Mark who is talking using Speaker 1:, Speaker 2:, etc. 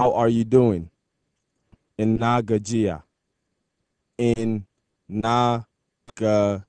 Speaker 1: How are you doing? In Nagajia. In Nagajia.